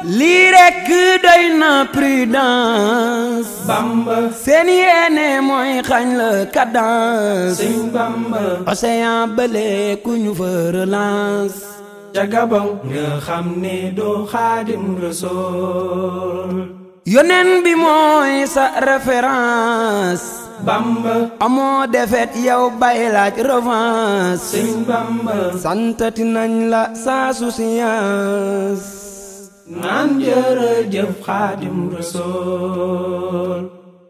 lii rekk doy na prudence bamba seen yéene mooy xañ la cadence sëñ bamba ku ñu fa relance jagabaw nga xam ne doo xaadim rasool yonen bi mooy sa référence bamba amoo defet yow bay laaj revanche sëñ bamba nañ la sa souciance naan jërëjëf xaadim rasool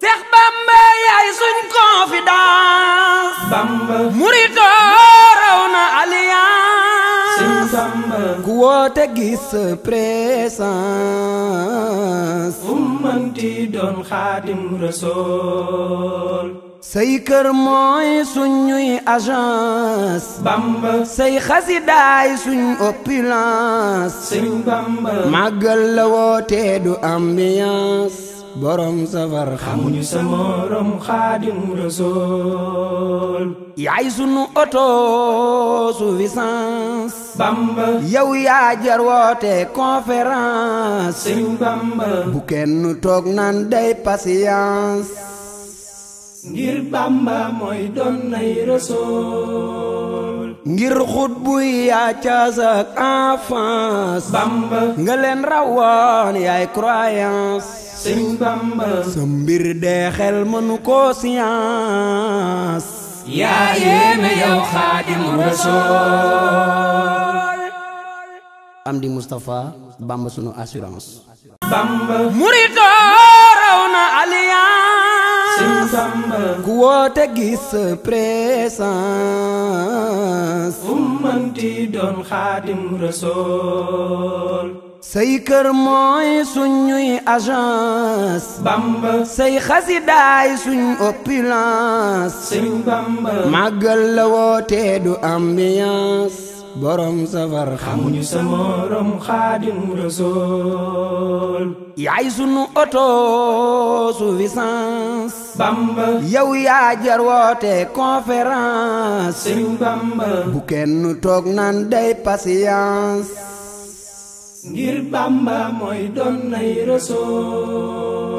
seex bamba yaay suñ confidence bamba muritoo raw na alliance suñ bamba ku woote gis sa présence ummanti doon xaadim rasool say kër mooy suñuy agence bamba say xasidaay suñ opulence màggal la wootee du ambiance borom safar xamuñu sa morom xaadim rasool yaay sunu autosuffisance bamba yow yaa jar woote conférence bu kenn toog naan day patience ngir bamba mooy doon nay rasool ngir xut buy yaa caasak enfance bamba nga leen rawoon yaay croyance sëñ bamba sa mbir dee xel mënu ko science yaa yéeme yow xaadim rasool am di Moustapha bamba sunu assurance bamba murito woote gis sa présence ummanti doon xaadim rasool say kër mooy suñuy agence. bamba. say xasidaay suñ opulence. sëñ bamba. màggal la wootee du ambiance. borom safar xamuñu sa morom xaadim rasool yaay sunu autosuffisance bamba yow yaa woote conférence bu kenn toog naan day patience ngir bamba mooy doon nay rasool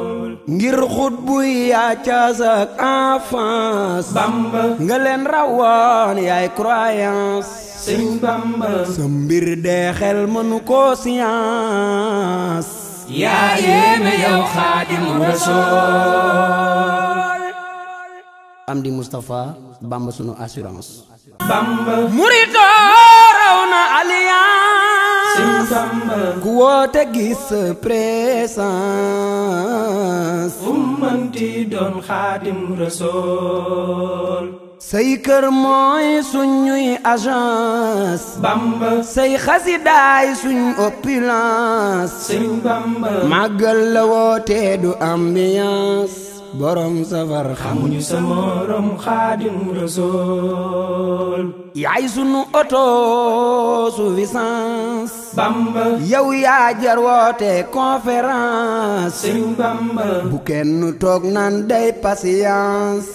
ngir xut buy yaa caasak enfance nga leen rawoon yaay croyance sëñ mbir dee xel mënu ko science yaa yéeme yow xaadim rasool Amdi Moustapha bamba sunu assurance bamba muritoo raw na alliance ku woote gis présence munti doon kër mooy suñuy agence bamba say xasidaay suñ opulence sëñ bamba màggal la wootee du ambiance borom safar xamuñu sa morom xaadim rasool yaay sunu autosuffisance bamba yow yaa jar woote conférence bu kenn toog naan day patience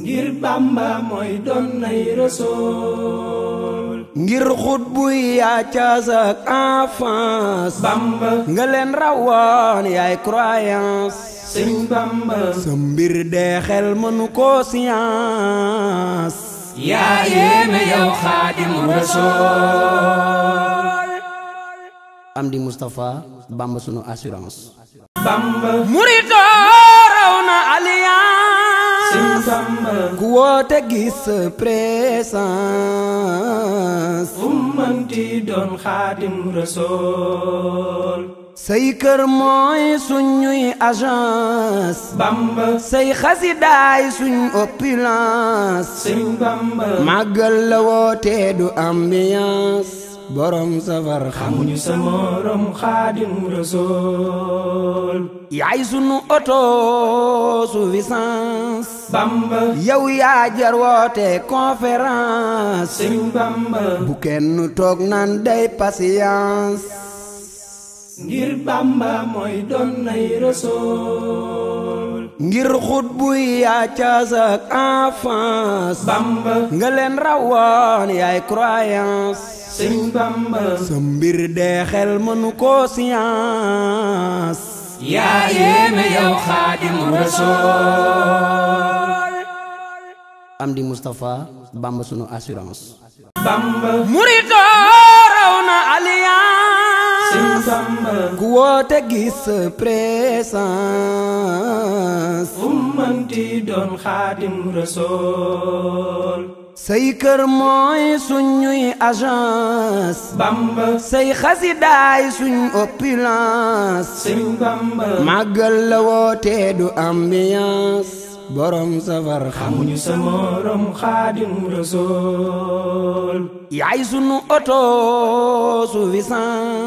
ngir bamba mooy doon nay rasool ngir xut buy yaa caas ak bamba nga leen rawoon yaay croyance sëñ Bamba sa mbir dee xel mënu koo science yaa yéeme yow xaadimu rasool am di Moustapha Bamba sunu assurance Bamba muritoo raw na alliance ku woote gis sa présence fu mënti doon xaadimu rasool say kër mooy suñuy agence. bamba say xasidaay suñ opulence. màggal la wootee du ambiance. borom safar xamuñu sa morom xaadim rasool. yaay sunu autosuffisance. bamba. yow yaa jar woote conférence. sëñ bu kenn toog naan day patience. ngir bamba mooy doon nay rasool ngir xut buy yaa ak enfance bamba nga leen rawoon yaay croyance sëñ bamba sa mbir dee xel mënu ko science yaa yéeme yow xaadim rasool am di Moustapha bamba sunu assurance bamba woote gis sa présence ummanti doon xaadim rasool say kër mooy suñuy agence. bamba say xasidaay suñ opulence. màggal la wootee du ambiance. borom safar xamuñu sa morom xaadim rasool. yaay sunu auto suffisance.